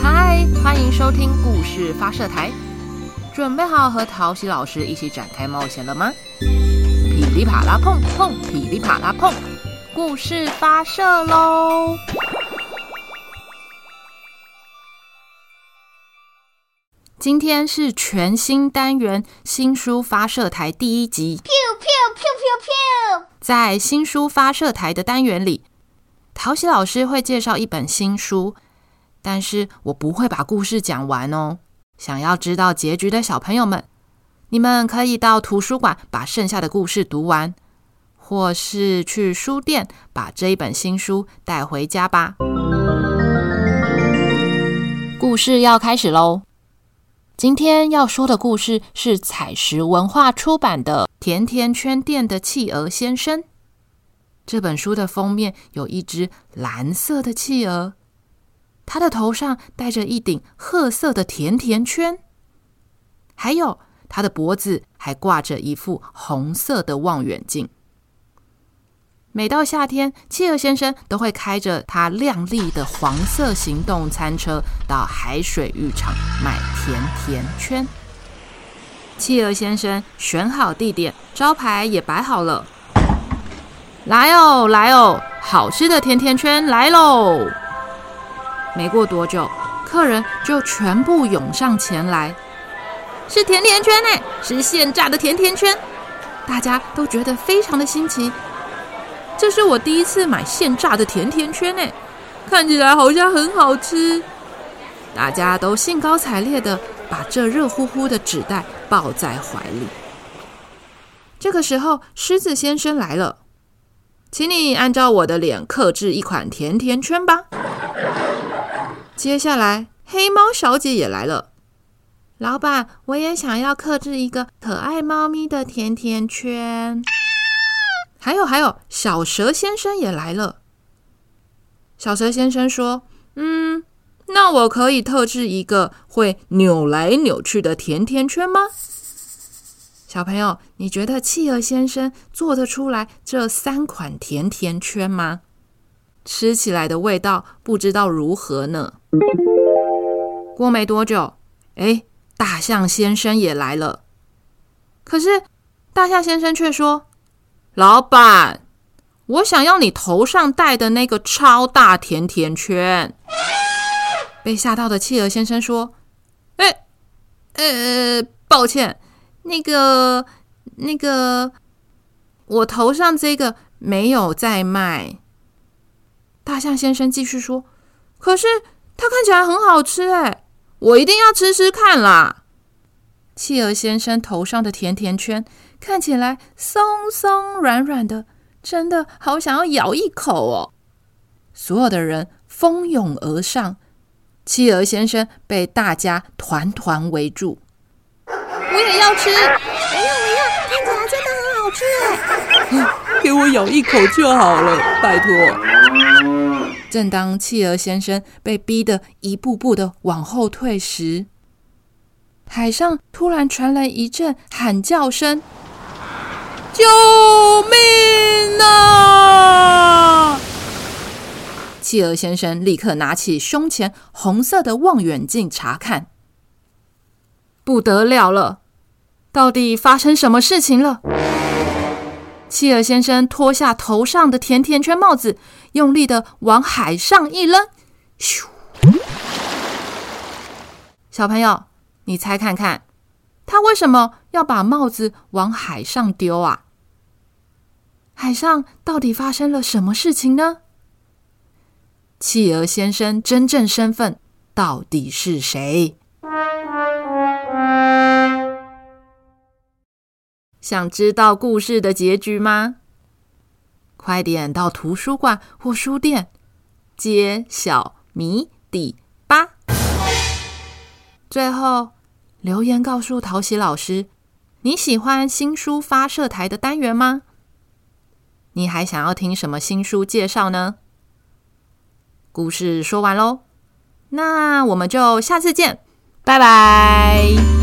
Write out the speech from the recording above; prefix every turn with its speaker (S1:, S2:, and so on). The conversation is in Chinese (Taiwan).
S1: 嗨，Hi, 歡迎收聽故事發射台，準備好和陶喜老師一起展開冒險了嗎？噼裡啪啦碰碰，噼裡啪啦碰，故事發射嘍！今天是全新單元新書發射台第一集。在新書發射台的單元裡，陶喜老師會介紹一本新書。但是我不會把故事講完哦。想要知道結局的小朋友們，你們可以到圖書館把剩下的故事讀完，或是去書店把這一本新書帶回家吧。故事要開始嘍！今天要說的故事是采實文化出版的《甜甜圈店的企鵝先生》。這本書的封面有一隻藍色的企鵝。他的頭上戴着一頂褐色的甜甜圈，還有他的脖子還掛着一副紅色的望遠鏡。每到夏天，企鵝先生都會開着他亮麗的黃色行動餐車到海水浴場賣甜甜圈。企鵝先生選好地點，招牌也擺好了。來哦，來哦，好吃的甜甜圈來嘍！沒過多久，客人就全部湧上前來。是甜甜圈呢，是現炸的甜甜圈，大家都覺得非常的新奇。這是我第一次買現炸的甜甜圈呢，看起來好像很好吃。大家都興高采烈地把這熱乎乎的紙袋抱在懷裡。這個時候，獅子先生來了，請你按照我的臉客製一款甜甜圈吧。接下來，黑貓小姐也來了。老闆，我也想要客製一個可愛貓咪的甜甜圈。啊、還有還有，小蛇先生也來了。小蛇先生說：“嗯，那我可以特制一個會扭來扭去的甜甜圈嗎？”小朋友，你覺得企鵝先生做得出來這三款甜甜圈嗎？吃起來的味道不知道如何呢？過沒多久，哎，大象先生也來了。可是大象先生卻說：“老闆，我想要你頭上戴的那個超大甜甜圈。”被嚇到的企鵝先生說：“哎，呃，抱歉，那個那個，我頭上這個沒有在賣。”大象先生繼續說：“可是它看起來很好吃哎，我一定要吃吃看啦！”企鵝先生頭上的甜甜圈看起來鬆鬆軟軟的，真的好想要咬一口哦！所有的人蜂擁而上，企鵝先生被大家團團圍住。我也要吃！哎，我要我要，看起來真的很好吃哎！ 給我咬一口就好了，拜托！正當企鵝先生被逼得一步步的往後退時，海上突然傳來一陣喊叫聲：“救命啊！”企鵝先生立刻拿起胸前紅色的望遠鏡查看，不得了了，到底發生什麼事情了？企鵝先生脫下頭上的甜甜圈帽子，用力的往海上一扔，咻！小朋友，你猜看看，他為什麼要把帽子往海上丟啊？海上到底發生了什麼事情呢？企鵝先生真正身份到底是誰？想知道故事的結局嗎？快點到圖書館或書店揭曉謎底吧！最後留言告訴陶喜老師，你喜歡新書發射臺的單元嗎？你還想要聽什麼新書介紹呢？故事說完嘍，那我們就下次見，拜拜。